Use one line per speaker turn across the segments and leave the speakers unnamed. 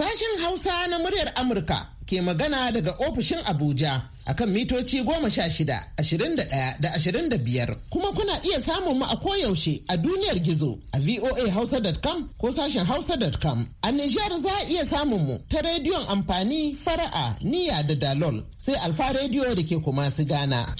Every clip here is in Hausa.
Sashen Hausa na muryar Amurka ke magana daga ofishin Abuja akan mitoci goma sha shida, ashirin da ɗaya da ashirin da biyar. Kuma kuna iya samun mu a koyaushe a duniyar gizo a voahausa.com ko sashen hausa.com. A Nijar za a iya samun mu ta rediyon amfani fara'a, niya da dalol sai alfa rediyo da ke kuma su gana.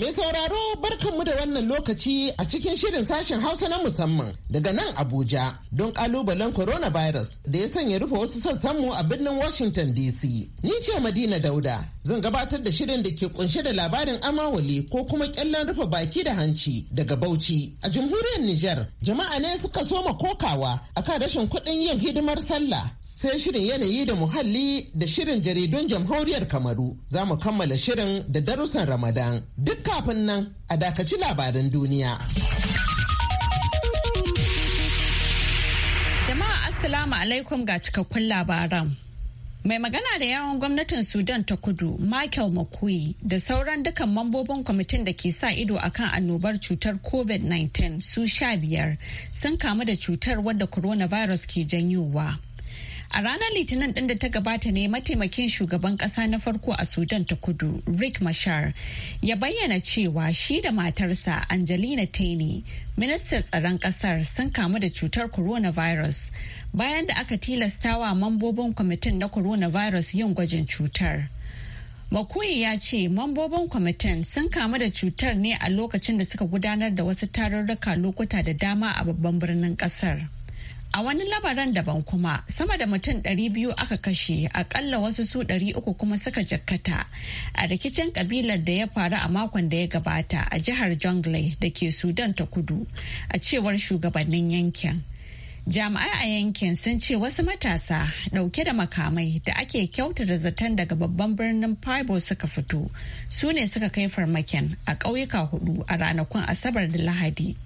Mai sauraro barkanmu da wannan lokaci a cikin shirin sashen Hausa na musamman daga nan Abuja don kalubalen coronavirus da ya sanya rufe wasu sassanmu a birnin Washington DC. Ni ce Madina Dauda zan gabatar da shirin da ke kunshe da labarin amawali ko kuma kyallen rufe baki da hanci daga Bauchi. A jamhuriyar Nijar jama'a ne suka soma kokawa akan rashin kuɗin yin hidimar sallah sai shirin yanayi da muhalli da shirin jaridun jamhuriyar Kamaru. Za mu kammala shirin da darussan Ramadan. Duk kafin nan a dakaci labaran duniya.
Jama'a Assalamu alaikum ga cikakkun labaran. Mai magana da yawon gwamnatin Sudan ta kudu Michael Makui da sauran dukan mambobin kwamitin da ke sa ido akan annobar cutar COVID-19 su sha biyar sun kamu da cutar wadda coronavirus ke janyowa. A ranar Litinin ɗin da ta gabata ne mataimakin shugaban ƙasa na farko a Sudan ta kudu, Rick Mashar, ya bayyana cewa shi da matarsa Angelina Taini, ministan tsaron ƙasar sun kamu da cutar coronavirus bayan da aka tilasta wa mambobin kwamitin na coronavirus yin gwajin cutar. Makoyi ya ce mambobin kwamitin sun kamu da cutar ne a lokacin da suka gudanar da wasu tarurruka lokuta da dama a babban birnin ƙasar. A wani labaran daban kuma sama da mutum ɗari biyu aka kashe akalla wasu su ɗari uku kuma suka jakkata a rikicin kabilar da ya faru a makon da ya gabata a jihar Jonglei da ke Sudan ta kudu a cewar shugabannin yankin. Jami'ai a yankin sun ce wasu matasa ɗauke da makamai da ake kyautata zaton daga babban birnin Fibo suka fito su ne suka kai farmakin a ƙauyuka hudu a ranakun Asabar da Lahadi.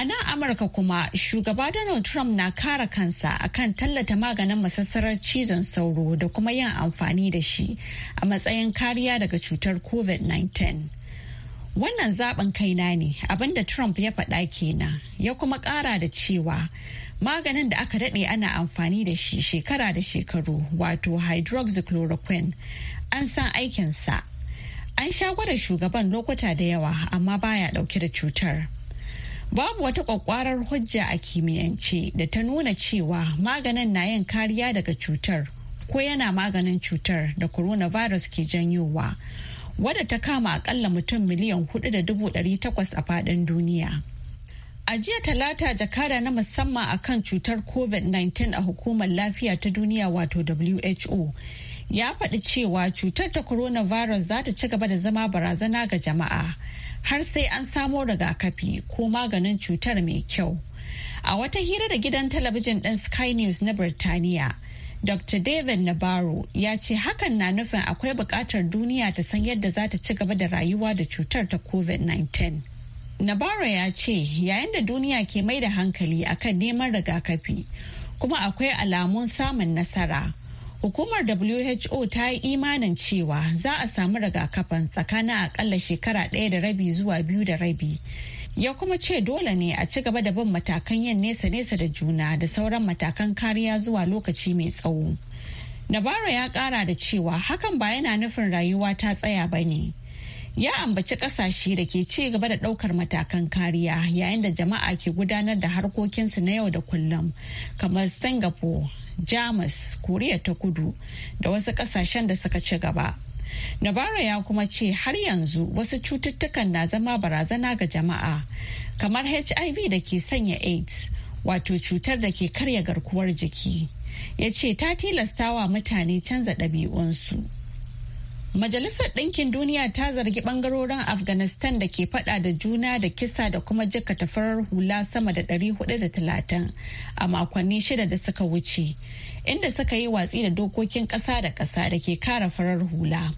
A nan Amurka kuma shugaba Donald Trump na kara kansa akan tallata maganin masassarar cizon sauro da kuma yin amfani da shi a matsayin kariya daga cutar COVID-19. Wannan zaben na ne abinda Trump ya faɗa kenan ya kuma ƙara da cewa maganin da aka daɗe ana amfani da shi shekara da shekaru wato hydroxychloroquine an san aikinsa. An sha gwada shugaban lokuta da yawa amma baya ɗauke da cutar. Babu wata kwakwarar hujja a kimiyyance da ta nuna cewa maganin na yin kariya daga cutar ko yana maganin cutar da coronavirus ke janyowa wadda ta kama akalla mutum miliyan takwas a fadin duniya. A jiya talata jakada na musamman akan cutar COVID-19 a hukumar lafiya ta duniya wato WHO ya faɗi cewa cutar ta coronavirus za ta ci gaba da zama barazana ga jama'a har sai an samo rigakafi ko maganin cutar mai kyau. A wata hira da gidan talabijin ɗin Sky News na Birtaniya, Dr. David nabaro ya ce hakan na nufin akwai buƙatar duniya ta san yadda za ta ci gaba da rayuwa da cutar ta COVID-19. nabaro ya ce yayin da duniya ke mai da hankali akan neman rigakafi, kuma akwai alamun samun nasara. Hukumar WHO ta yi imanin cewa za a samu rigakafin tsakanin akalla shekara ɗaya da rabi zuwa biyu da rabi. Ya kuma ce dole ne a ci gaba da bin matakan yin nesa-nesa da juna da sauran matakan kariya zuwa lokaci mai tsawo. nabaro ya kara da cewa hakan ba yana nufin rayuwa ta tsaya ba ne. Ya ambaci kasashe da ke ci gaba da ɗaukar matakan kariya yayin da jama'a ke gudanar da harkokinsu na yau da kullum kamar Singapore, jamus koriya ta kudu da wasu kasashen da suka ci gaba Nabara ya kuma ce har yanzu wasu cututtukan na zama barazana ga jama'a kamar HIV da ke sanya AIDS wato cutar da ke karya garkuwar jiki. Ya ce ta tilastawa mutane canza ɗabi'unsu. Majalisar Ɗinkin Duniya ta zargi ɓangarorin Afghanistan da ke faɗa da juna da kisa da kuma jikata farar hula sama da 430 a makonni shida da suka wuce, inda suka yi watsi da dokokin ƙasa da ƙasa da ke kara farar hula.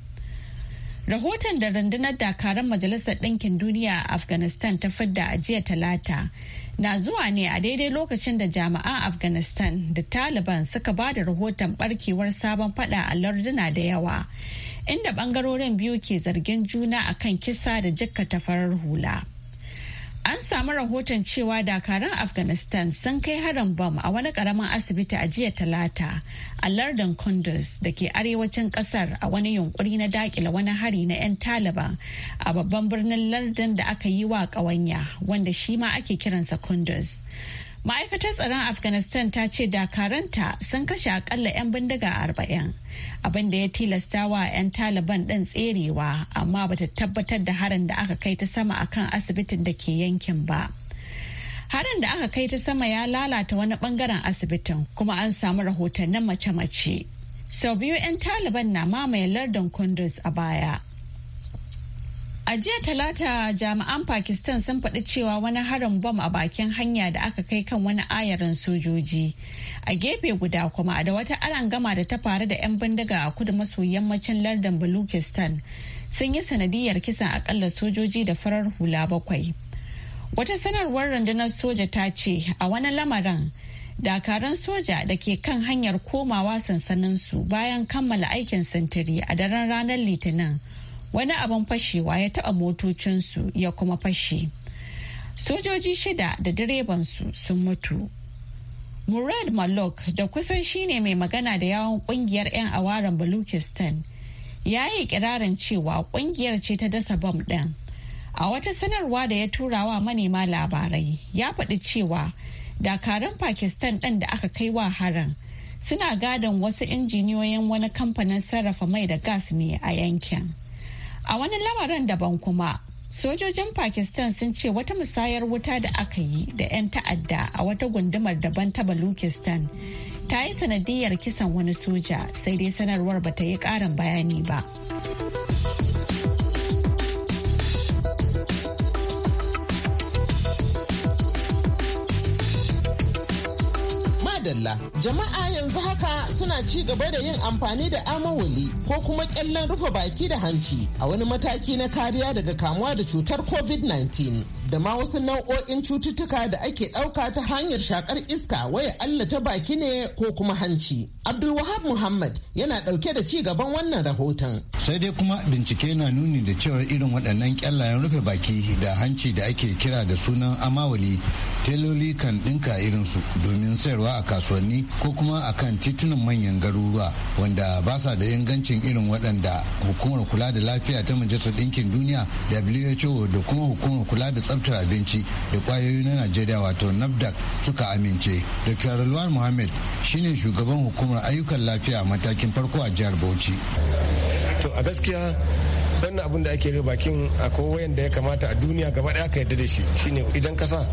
Rahoton da rundunar dakarun Majalisar Ɗinkin Duniya a Afghanistan ta fidda a jiya talata na zuwa ne a daidai lokacin da jami'an Afghanistan da Taliban suka ba da rahoton barkewar sabon fada a larduna da yawa. inda bangarorin biyu ke zargin juna a kan kisa da jikkata farar hula. An samu rahoton cewa dakaran Afghanistan sun kai harin bam a wani karamin asibiti a jiya talata a lardin Kunduz da ke arewacin kasar a wani yunkuri na dakila wani hari na 'yan Taliban a babban birnin lardin da aka yi wa ƙawanya wanda shi ma ake kiransa Kunduz. ma'aikatar tsaron afghanistan ta ce dakaranta sun kashe akalla 'yan bindiga arba'in abin da ya tilasta wa 'yan taliban ɗin tserewa amma bata tabbatar da harin da aka kai ta sama akan asibitin da ke yankin ba harin da aka kai ta sama ya lalata wani bangaren asibitin kuma an samu rahotannin mace-mace sau biyu 'yan taliban na mamaye lardin kundus a baya A jiya talata jami'an Pakistan sun faɗi cewa wani harin bom a bakin hanya da aka kai kan wani ayarin sojoji. A gefe guda kuma da wata gama da ta faru da 'yan bindiga a kudu maso yammacin lardin Bulukistan sun yi sanadiyar kisan akalla sojoji da farar hula bakwai. Wata sanarwar rundunar soja ta ce a wani lamarin dakaran soja da ke kan hanyar komawa sansaninsu bayan kammala aikin sintiri a daren ranar litinin. wani abin fashewa ya taɓa motocinsu ya kuma fashe sojoji shida da direbansu sun mutu murad malok da kusan shine mai magana da yawon kungiyar 'yan awaren baluchistan ya yi kirarin cewa kungiyar ce ta dasa bam ɗin a wata sanarwa da ya tura wa manema labarai ya faɗi cewa dakarun pakistan ɗin da aka kai wa harin suna gadon wasu injiniyoyin wani kamfanin sarrafa mai da gas ne a yankin A wani lamarin daban kuma, sojojin Pakistan sun ce wata musayar wuta da aka yi da 'yan ta'adda a wata gundumar daban ta Balukistan ta yi sanadiyar kisan wani soja sai dai sanarwar ba ta yi ƙarin bayani ba.
dalla Jama'a yanzu haka suna ci gaba da yin amfani da amawali ko kuma kyallen rufe baki da hanci a wani mataki na kariya daga kamuwa da cutar COVID-19. da ma wasu nau'o'in cututtuka da ake ɗauka ta hanyar shakar iska waya Allah ta baki ne ko kuma hanci. Abdulwahab Muhammad yana ɗauke da ci gaban wannan rahoton.
Sai dai kuma bincike na nuni da cewa irin waɗannan ƙyallayen rufe baki da hanci da ake kira da sunan amawali teloli kan ɗinka irinsu domin sayarwa a kasuwanni ko kuma a kan titunan manyan garuruwa wanda ba sa da ingancin irin waɗanda hukumar kula da lafiya ta majalisar ɗinkin duniya WHO da kuma hukumar kula da tsaro tsabtar abinci da kwayoyi na najeriya wato nafdac suka amince dr rulwan muhammad shine shugaban hukumar ayyukan lafiya matakin farko a jihar bauchi to a gaskiya wannan abin
da ake bakin akwai wayan da ya kamata
a duniya gaba
daya ka yadda da shi shine idan ka sa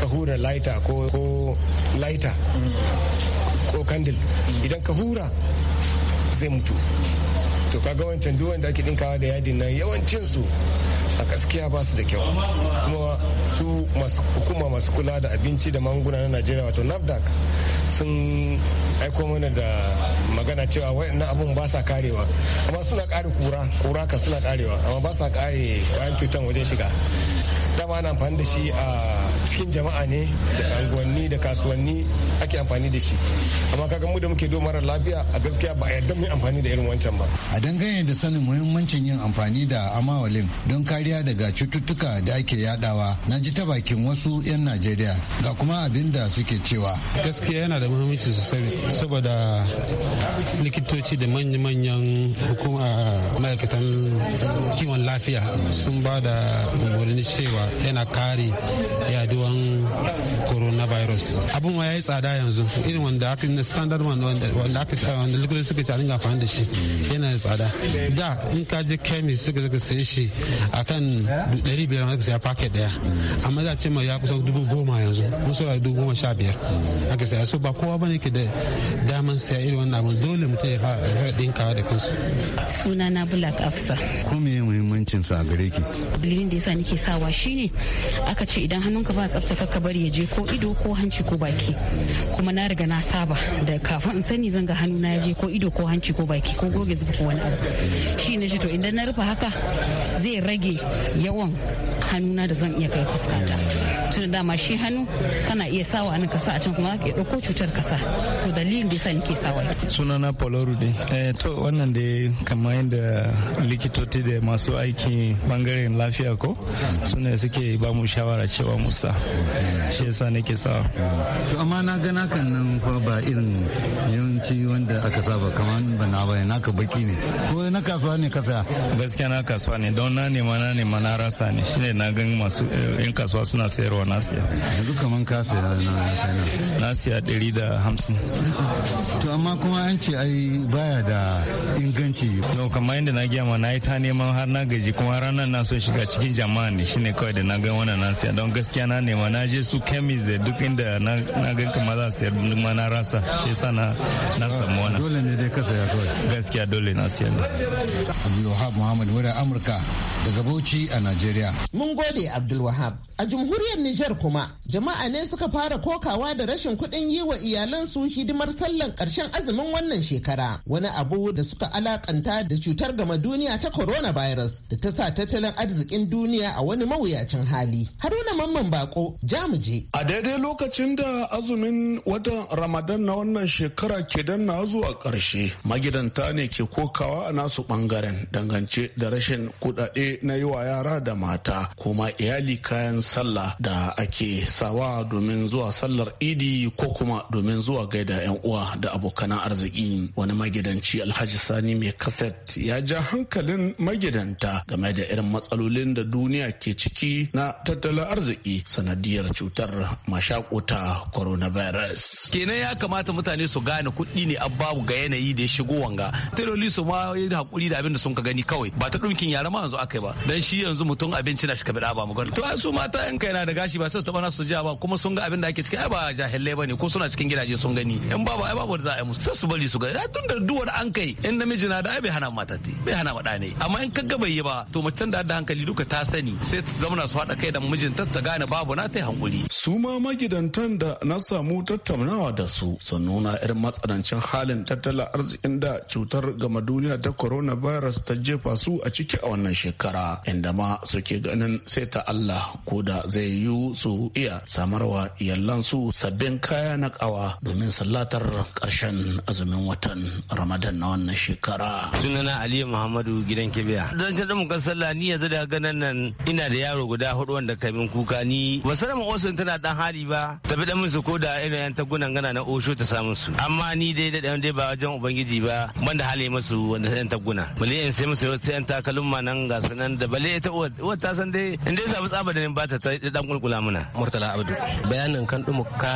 ka hura laita ko laita ko kandil idan ka hura zai mutu to kaga wancan duk wanda ake dinkawa da yadin nan yawancin su a gaskiya ba su da kyau kuma su masu hukuma masu kula da abinci da magunguna na najeriya wato nafdac sun aiko mana da magana cewa waannan abun ba sa karewa amma suna kare kura kura ka suna karewa amma ba sa kare kwayan cutan waje shiga dama ana amfani da shi a cikin jama'a ne da unguwanni da kasuwanni ake amfani da shi amma kaga mu da muke do mara lafiya a gaskiya ba a yarda mu amfani da irin wancan ba
a dangane da sanin muhimmancin yin amfani da amawalin don kariya daga cututtuka da ake yadawa na ji ta bakin wasu 'yan najeriya ga kuma abin da suke cewa
gaskiya yana da muhimmanci sosai saboda likitoci da manya-manyan hukuma ma'aikatan kiwon lafiya sun ba da umarni cewa yana kare yaduwan coronavirus abin ya yi tsada yanzu irin wanda aka yi standard wanda aka wanda likitoci suka tsarin amfani da shi yana yi tsada da in ka je chemist suka zaka sai shi kan 500 aka saya paket daya amma za a ce ma ya kusa dubu goma yanzu kusa so dubu goma sha biyar aka sai so ba kowa bane ke da daman saya irin wannan abin dole mutum ya fara dinkawa da kansu
sunana bulak afsa
ko me
muhimmancin sa gare ki
dalilin da yasa nake sawa shi ne aka ce idan hannunka ba tsafta ka bari ya je ko ido ko hanci ko baki kuma na riga na saba da kafin in sani zan ga hannu na ya je ko ido ko hanci ko baki ko goge zuba ko wani abu shi na shi to idan na rufe haka zai rage yawan hannuna da zan iya kai fuskata tun dama shi hannu kana iya sawa anan kasa a can kuma ka ɗauko cutar kasa so dalilin da yasa nake sawa
sunana poloru ne eh to wannan da kamar yadda likitoci da masu aiki bangaren lafiya ko suna suke ba mu shawara cewa musa shi yasa nake sawa
to amma na gana kan nan fa ba irin yawanci wanda aka saba kamar ba na ba naka baki ne
ko na kasuwa ne kasa gaskiya na kasuwa ne don na nema na nema na rasa ne shine na gani masu eh, yan kasuwa suna sayarwa nasiya na
siya yanzu kaman ka siya na
na siya ɗari
da hamsin to amma kuma an ce ai baya da inganci
to kamar yadda na gaya ma na yi ta neman har na gaji kuma ranar na so shiga cikin jama'a ne shine kawai da na ga wannan na siya don gaskiya na nema na je su chemist da duk inda na ga kama za siyar duk ma na rasa shi yasa na na samu wannan dole ne dai ka saya kawai gaskiya dole na siya ne.
Abdulwahab Muhammad wurin Amurka daga Bauchi a Najeriya.
Mun gode Abdulwahab. A jamhuriyar Nijar kuma jama'a ne suka fara kokawa da rashin kuɗin yi wa iyalan su hidimar sallan ƙarshen azumin wannan shekara wani abu da suka alakanta da cutar gama duniya ta coronavirus da ta sa tattalin arzikin duniya a wani mawuyacin hali. Haruna Mamman Bako Jamuje.
A daidai lokacin da azumin watan Ramadan na wannan shekara ke danna zuwa ƙarshe magidanta ne ke kokawa a nasu ɓangaren dangance da rashin kuɗaɗe na yi wa yara da mata kuma iyali kayan sallah da ake sawa domin zuwa sallar idi ko kuma domin zuwa gaida 'yan uwa da abokanan arziki wani magidanci alhaji sani mai kaset ya ja hankalin magidanta game da irin matsalolin da duniya ke ciki na tattalin arziki sanadiyar cutar mashakota coronavirus
kenan ya kamata mutane su gane kuɗi ne babu ga yanayi da ya shigo wanga tailoli su ma yi hakuri da abin da sun ka gani kawai ba ta ɗumkin yara ma yanzu aka yi ba dan shi yanzu mutum abinci na shi ka ba mu gani to su mata yan kai na da gashi shi ba sai su taba nasu ji ba kuma sun ga abin da ake ciki ai ba jahilai bane ko suna cikin gidaje sun gani in ba ai babu da za a yi musu sai su bari su ga tun da duwar an kai in namiji na da ai bai hana mata te bai hana mata ne amma in ka kaga bai yi ba to macen da da hankali duka ta sani sai ta zauna su haɗa kai da mijinta ta gane babu na ta yi hankuli.
su ma magidantan da na samu tattaunawa da su sun nuna irin matsanancin halin tattalin arzikin da cutar gama duniya ta coronavirus ta jefa su a ciki a wannan shekara inda ma suke ganin sai ta Allah ko da zai yiwu su iya samarwa iyalansu sabbin kaya na kawa domin sallatar ƙarshen azumin watan ramadan na wannan shekara.
sunana aliyu muhammadu gidan kibiya don can da muka sallah ni yanzu da ganin nan ina da yaro guda hudu wanda kai min kuka ni ba sanar ma osun tana dan hali ba tafi dan musu ko da irin yan tagunan gana na osho ta samu su amma ni dai da dan dai ba wajen ubangiji ba ban da hali musu wanda yan taguna bale in sai musu yau wata yan takalma nan ga sanan da bale ita uwa ta san dai in dai samu tsaba da
ba ta dan kulkula kula murtala abdu bayanin kan ka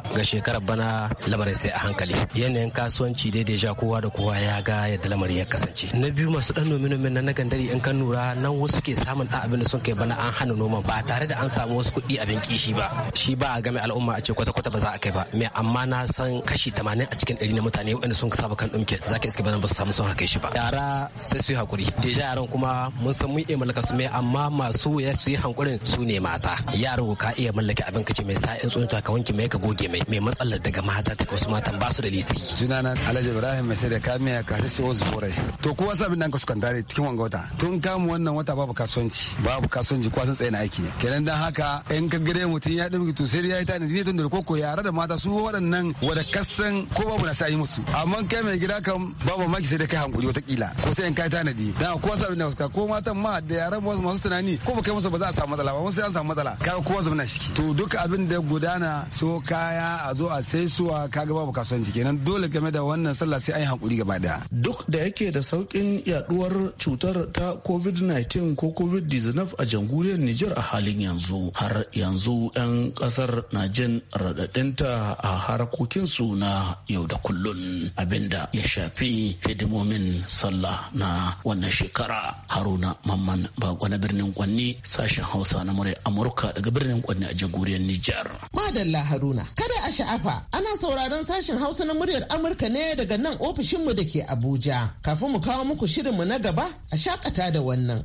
ga shekarar bana lamarin sai a hankali yanayin kasuwanci dai deja kowa da kowa ya ga yadda lamarin ya kasance na biyu masu dan nomi nomi na gandari in kan nura nan wasu ke samun da abin da sun kai bana an hana noman ba tare da an samu wasu kuɗi abin kishi ba shi ba a game al'umma a ce kwata kwata ba za a kai ba me amma na san kashi tamanin a cikin ɗari na mutane waɗanda sun saba kan dumke ka iske bana ba su samu sun haka shi ba yara sai su yi hakuri deja yaran kuma mun san mun iya mallaka su me amma masu ya su yi hankurin su ne mata yara yaro ka iya mallake abin ka ce mai sa'in tsunta ka wanke mai ka goge mai mai matsalar daga mata ta wasu matan ba su da lisai sunana alhaji ibrahim mai sai da kamiya ka sai wasu bore to kuwa sabin nan ka sukan dare cikin wanga wata tun kamu wannan wata babu kasuwanci babu kasuwanci kuwa sun tsaye na aiki kenan dan haka in ka gare mutum ya dimki to sai ya yi ta ne tun da koko yara da mata su waɗannan wada kasan ko babu na yi musu amma kai mai gida kan babu maki sai da kai hankuri watakila ko sai in kai ne da kuwa sabin nan ko matan ma da yaran masu tunani ko ba kai musu ba za a samu matsala ba wasu an samu matsala zamana shi to duk abin da gudana so kaya a zo a sai suwa kaga babu kasuwanci kenan dole game da wannan sallah sai an yi hakuri gaba daya duk da yake da saukin
yaduwar cutar ta covid-19 ko covid-19 a jamhuriyar Nijar a halin yanzu har yanzu 'yan kasar na jin raɗaɗinta a harkokin su na yau da kullun abinda ya shafi hidimomin sallah na wannan shekara haruna mamman bako na birnin kwanni sashen hausa na murai amurka da daga birnin Kwanne a jagoriyar Nijar.
Madalla Haruna, kada a sha'afa ana sauraron sashen Hausa na muryar Amurka ne daga nan ofishinmu da ke Abuja. Kafin mu kawo muku shirinmu na gaba a shakata da wannan.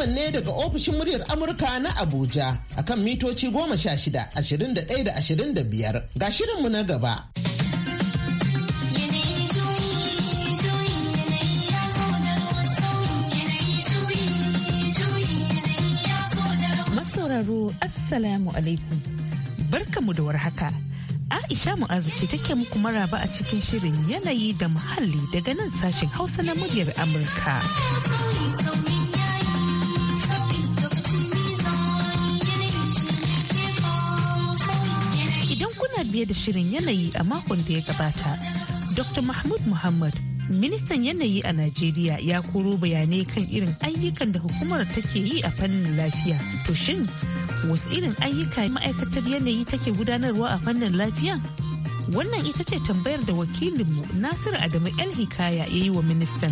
musamman ne daga ofishin muryar Amurka na Abuja a kan mitoci goma sha shida, ashirin da da Ga shirinmu na gaba.
Masauraro Assalamu alaikum. Barkamu da warhaka. Aisha Mu'azu ce take muku maraba a cikin shirin yanayi da muhalli daga nan sashen Hausa na muryar
Amurka.
biye da shirin yanayi a makon da ya gabata. Dr. Mahmud Muhammad, ministan yanayi a Najeriya ya koro bayanai kan irin ayyukan da hukumar take yi a fannin lafiya. To shin, wasu irin ayyuka ma'aikatar yanayi take gudanarwa a fannin lafiya? Wannan ita ce tambayar da wakilinmu Nasiru Adamu El Hikaya ya yi wa ministan.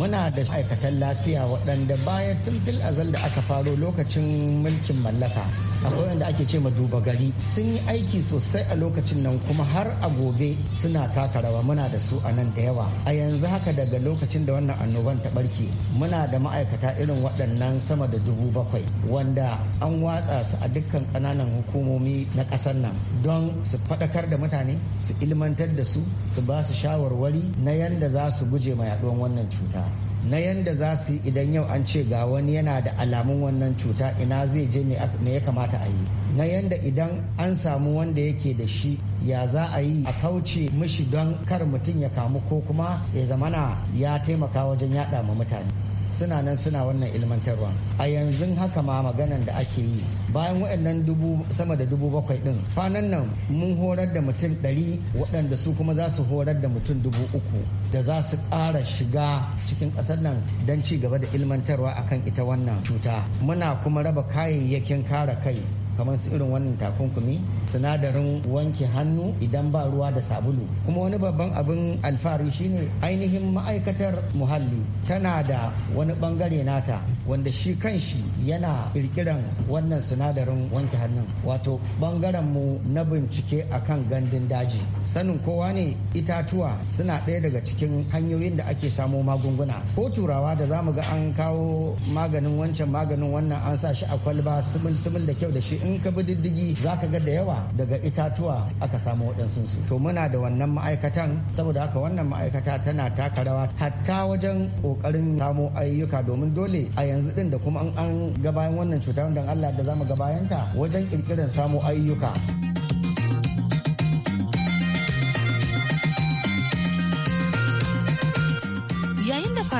muna da ma'aikatan lafiya waɗanda bayan tun fil azal da aka faro lokacin mulkin mallaka akwai wanda ake ce ma duba gari sun yi aiki sosai a lokacin nan kuma har a gobe suna taka rawa muna da su a nan da yawa a yanzu haka daga lokacin da wannan annoban ta barke muna da ma'aikata irin waɗannan sama da dubu bakwai wanda an watsa su a dukkan ƙananan hukumomi na ƙasar nan don su faɗakar da mutane su ilmantar da su su ba su shawarwari na yadda za su guje ma yaɗuwar wannan cuta na yanda za su yi idan yau an ce ga wani yana da alamun wannan cuta ina zai je me ya kamata a yi na yanda idan an samu wanda yake da shi ya za a yi a kauce mishi don kar mutum ya kamu ko kuma ya zamana ya taimaka wajen yada ma mutane suna nan suna wannan ilmantarwa a yanzu haka ma maganan da ake yi bayan waɗannan dubu sama da dubu bakwai ɗin kwanan nan mun horar da mutum ɗari waɗanda su kuma za su horar da mutum dubu uku da za su ƙara shiga cikin ƙasar nan don ci gaba da ilmantarwa akan ita wannan cuta muna kuma raba kayayyakin kare kai kamar su irin wannan takunkumi sinadarin wanke hannu idan ba ruwa da sabulu kuma wani babban abin alfahari shine ainihin ma'aikatar muhalli tana da wani bangare nata wanda shi kanshi yana kirkiran wannan sinadarin wanke hannun wato bangaren mu na bincike akan gandun daji sanin kowa ne itatuwa suna ɗaya daga cikin hanyoyin da ake samo magunguna ko turawa da zamu ga an kawo maganin wancan maganin wannan an sa shi a kwalba simil simil da kyau da shi in in ka bi diddigi za ka ga da yawa daga itatuwa aka samu waɗansu su to muna da wannan ma'aikatan saboda haka wannan ma'aikata tana taka rawa hatta wajen ƙoƙarin samo ayyuka domin dole a yanzu din da kuma an ga bayan wannan cuta wanda Allah da zamu ga bayanta wajen ƙirƙirar samo ayyuka.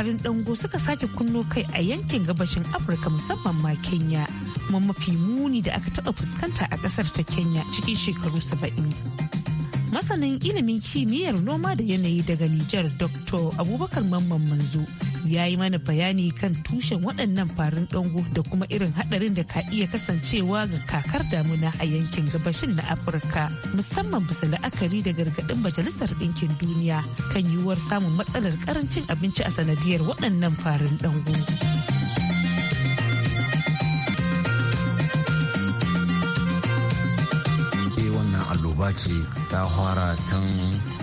wuraren dango suka sake kunno kai a yankin gabashin afirka musamman ma kenya kuma mafi muni da aka taɓa fuskanta a kasar ta kenya cikin shekaru saba'in masanin ilimin kimiyyar noma da yanayi daga nijar dr abubakar mamman manzo ya yi mana bayani kan tushen waɗannan farin ɗango da kuma irin haɗarin da ka iya kasancewa ga kakar damuna a yankin gabashin na afirka musamman bisa la'akari da gargaɗin majalisar ɗinkin duniya kan yiwuwar samun matsalar ƙarancin abinci a sanadiyar waɗannan farin ɗango.
Eh, annoba ce ta fara tun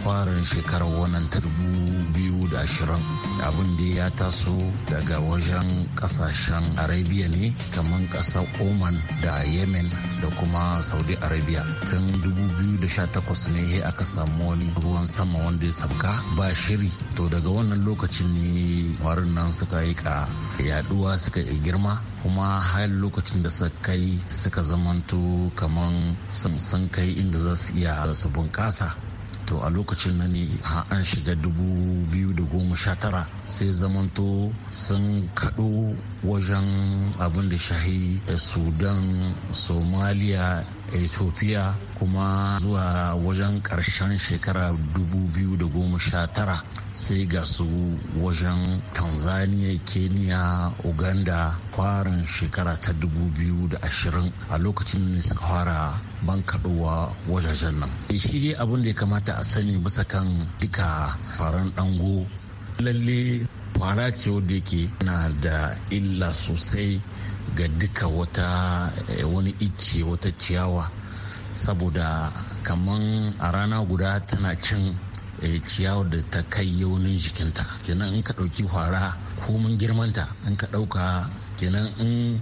farin shekarar wannan ta dubu da ashirin abin da ya taso daga wajen kasashen arabia ne kamar kasar oman da yemen da kuma saudi arabia tun 2018 ne aka samu wani ruwan sama wanda ya sabka ba shiri to daga wannan lokacin ne warin nan suka yi ka yaduwa suka yi girma kuma har lokacin da suka kai suka zamanto kamar sun kai inda za su iya su bunkasa to a lokacin na ne an shiga dubu biyu da goma sha tara sai zamanto sun kaɗo wajen abin da shahi sudan somalia ethiopia kuma zuwa wajen ƙarshen shekara sha tara sai ga su wajen tanzania kenya uganda kwarin shekara ta ashirin a lokacin ne suka fara Ban kaɗowa wajajen nan eh, shi dai abin da ya kamata a sani bisa kan duka faran dango lalle fara ce wadda yake na da illa sosai ga duka wata eh, wani icce wata ciyawa saboda kamar a rana guda tana cin eh, ciyawa da ta kai yaunin jikinta kenan in ka ɗauki fara komin girmanta in ka ɗauka kenan in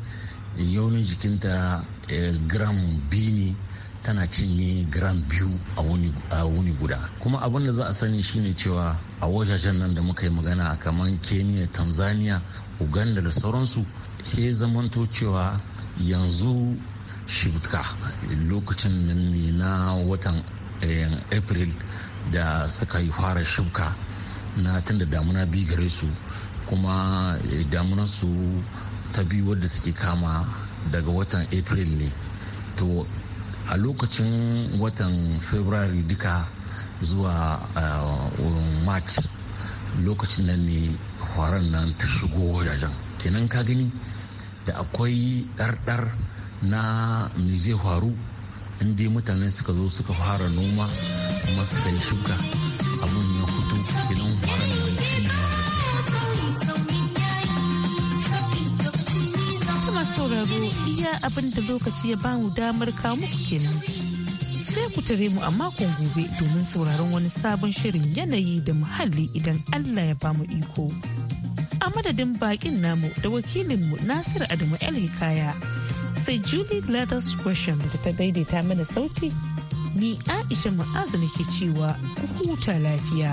yaunin jikinta eh, gram biyu ne tana cinye gram biyu a wuni guda kuma abin da za a sani shine cewa a wajajen nan da muka yi magana a kaman kenya tanzania uganda da sauransu he zamanto cewa yanzu shibka lokacin nan ne na watan eh, april da suka yi fara shibka na tunda damuna biyu gare su kuma eh, damunansu ta biyu wadda suke kama daga watan april ne to a lokacin watan february duka zuwa uh, march lokacin nan ne horon nan ta shigo wajajen kenan ka gani da akwai ɗarɗar na mize faru inda mutane suka zo suka fara noma kuma suka yi shuka abun ya hutu. kenan horon
iya abin da lokaci ya bamu damar kamu kenan. Sai ku tare mu a makon gobe domin sauraron wani sabon shirin yanayi da muhalli idan Allah ya bamu iko. A madadin bakin namu da wakilin mu Nasir Adamu El Hikaya sai Julie Gladys Gresham da ta daidaita mana sauti. Ni Aisha Ma'azu ke cewa ku huta lafiya.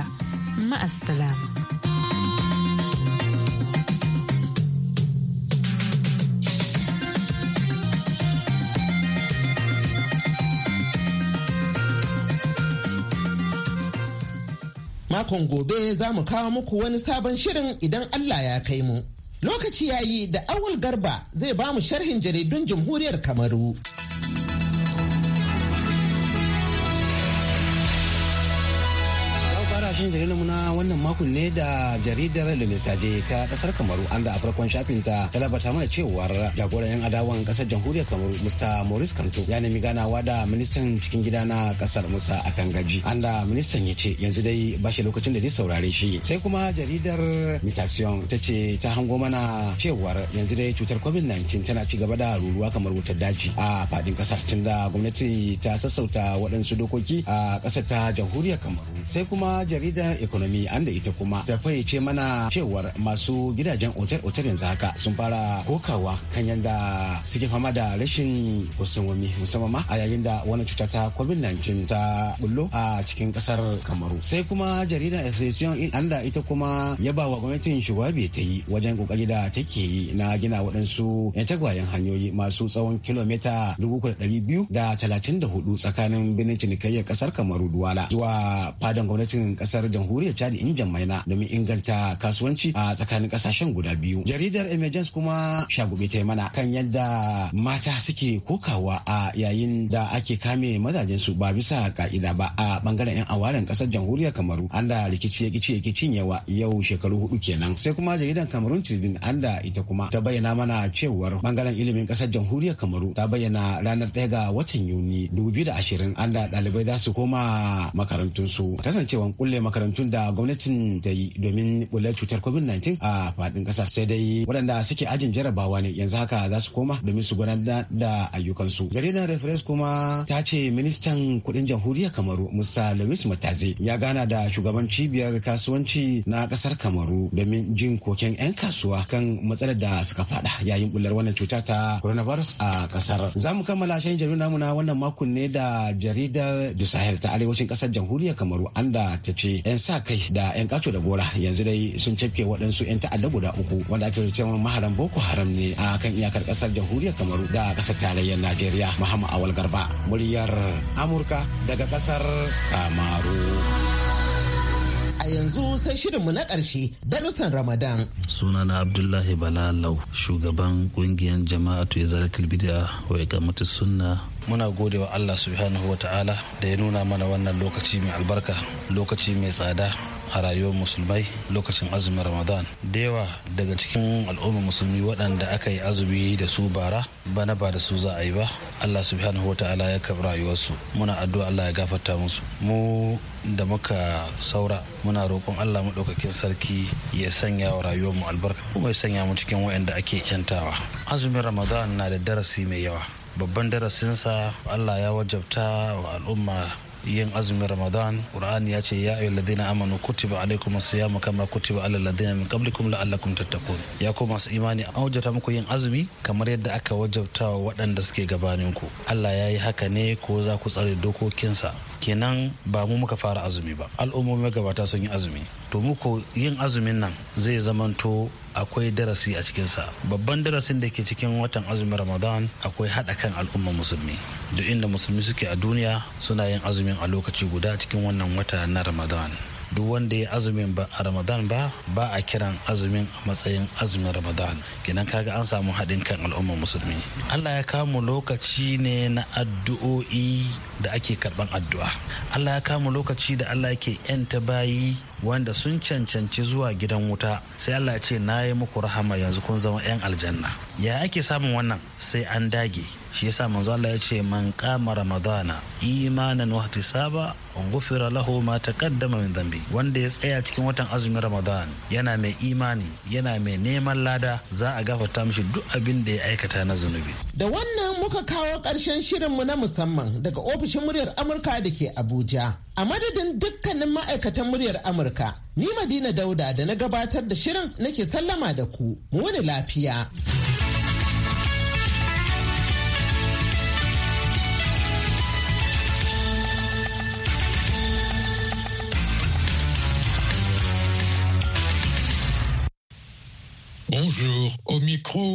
ma'asala.
makon gobe za mu kawo muku wani sabon shirin idan Allah ya kai mu. Lokaci yayi da awul garba zai ba mu sharhin jaridun jamhuriyar Kamaru. matashin jaridar
mu na wannan makon ne da jaridar Lumisaje ta kasar Kamaru an da a farkon shafin ta talabata mana cewar jagoran yan adawan kasar jamhuriyar Kamaru Mr. Maurice Kanto ya nemi ganawa da ministan cikin gida na kasar Musa Atangaji an da ministan ya ce yanzu dai ba shi lokacin da zai saurare shi sai kuma jaridar Mutation ta ce ta hango mana cewar yanzu dai cutar COVID-19 tana ci gaba da ruruwa kamar wutar daji a fadin kasar tun da gwamnati ta sassauta waɗansu dokoki a kasar ta jamhuriyar Kamaru sai kuma jaridar jaridar economy an da ita kuma ta fayyace mana cewar masu gidajen otel-otel yanzu haka sun fara kokawa kan yadda suke fama da rashin kusurwami musamman ma a yayin da wani cuta ta covid-19 ta bullo a cikin kasar kamaru sai kuma jaridar exception an da ita kuma yaba wa gwamnatin shugabe ta yi wajen kokari da take yi na gina waɗansu yan tagwayen hanyoyi masu tsawon kilomita da hudu tsakanin birnin cinikayyar kasar kamaru duwala zuwa fadan gwamnatin kasar kasar jamhuriyar chad in jamaina domin inganta kasuwanci a tsakanin kasashen guda biyu jaridar emergence kuma shagube ta mana kan yadda mata suke kokawa a yayin da ake kame mazajen su ba bisa ka'ida ba a bangaren yan awaren kasar jamhuriyar kamaru an da rikici ya kici ya yawa yau shekaru hudu kenan sai kuma jaridar kamarun tribune an da ita kuma ta bayyana mana cewar bangaren ilimin kasar jamhuriyar kamaru ta bayyana ranar ɗaya ga watan yuni 2020 an da ɗalibai za su koma makarantunsu kasancewan kulle makarantun da gwamnatin ta yi domin bullar cutar covid-19 a faɗin ƙasar sai dai waɗanda suke ajin jarabawa ne yanzu haka za su koma domin su gudanar da ayyukansu jaridar reference kuma ta ce ministan kuɗin jamhuriyar kamaru musa louis mataze ya gana da shugaban cibiyar kasuwanci na ƙasar kamaru domin jin koken 'yan kasuwa kan matsalar da suka faɗa yayin bullar wannan cuta ta coronavirus a ƙasar za mu kammala shan jaridar namu na wannan makon ne da jaridar du sahel ta arewacin ƙasar jamhuriyar kamaru anda ta ce 'yan sa kai da 'yan kato da gora yanzu dai sun cafke waɗansu 'yan ta'adda guda uku wanda ake cewa maharan boko haram ne a kan iyakar ƙasar jamhuriyar kamaru da ƙasar tarayyar najeriya Mahama awal garba muryar
amurka daga ƙasar kamaru. A yanzu sai shirinmu na ƙarshe darussan Ramadan.
Sunana Abdullahi Balalau, shugaban ƙungiyar jama'atu ya zara bid'a wa kamata sunna. Muna gode wa Allah subhanahu wa ta'ala da ya nuna mana wannan lokaci mai albarka, lokaci mai tsada, a rayuwar musulmai lokacin azumin ramadan da yawa daga cikin al'ummar musulmi waɗanda aka yi azumi da su bara bana ba da su za a yi ba allah subhanahu wa ta'ala ya karɓi rayuwarsu muna addu'a allah ya gafarta musu mu da muka saura muna roƙon allah maɗaukakin sarki ya sanya wa rayuwar mu albarka kuma ya sanya mu cikin waɗanda ake yantawa azumin ramadan na da darasi mai yawa babban darasinsa allah ya wajabta wa al'umma yin azumin ramadan qur'ani ya ce ya ayyuhal ladina amanu kutiba alaikum as kama kutiba alal ladina min qablikum la'allakum tattaqun ya ko masu imani an wajabta muku yin azumi kamar yadda aka wajabta wa waɗanda suke gabanin ku Allah ya yi haka ne ko za ku tsare dokokinsa kenan ba mu muka fara azumi ba al'ummomi gabata sun yi azumi to muku yin azumin nan zai zamanto akwai darasi a cikinsa babban darasin da ke cikin watan azumin ramadan akwai haɗa kan al'umma musulmi duk inda musulmi suke a duniya suna yin azumin a lokaci guda cikin wannan wata na ramadan duk wanda ya azumin ba a ramadan ba ba a kiran azumin a matsayin azumin ramadan kenan kaga an samu haɗin kan al'ummar musulmi allah ya kamu lokaci ne na addu'o'i da ake karban addu'a allah ya kamu lokaci da allah yake yanta bayi wanda sun cancanci zuwa gidan wuta sai allah ya ce na yi muku rahama yanzu kun zama 'yan aljanna ya ake samun wannan sai an dage shi yasa manzo allah ya ce man kama ramadana imanan wahtisaba gufira lahu ma taqaddama min dhanbi wanda ya tsaya cikin watan azumin ramadan yana mai imani yana mai neman lada za a gafarta mishi
duk abin da ya aikata na zunubi da wannan muka kawo ƙarshen shirinmu na musamman daga ofishin muryar amurka da ke abuja a madadin dukkanin ma'aikatan muryar amurka ni madina dauda da na gabatar da shirin nake sallama da ku mu wani lafiya
Bonjour, au micro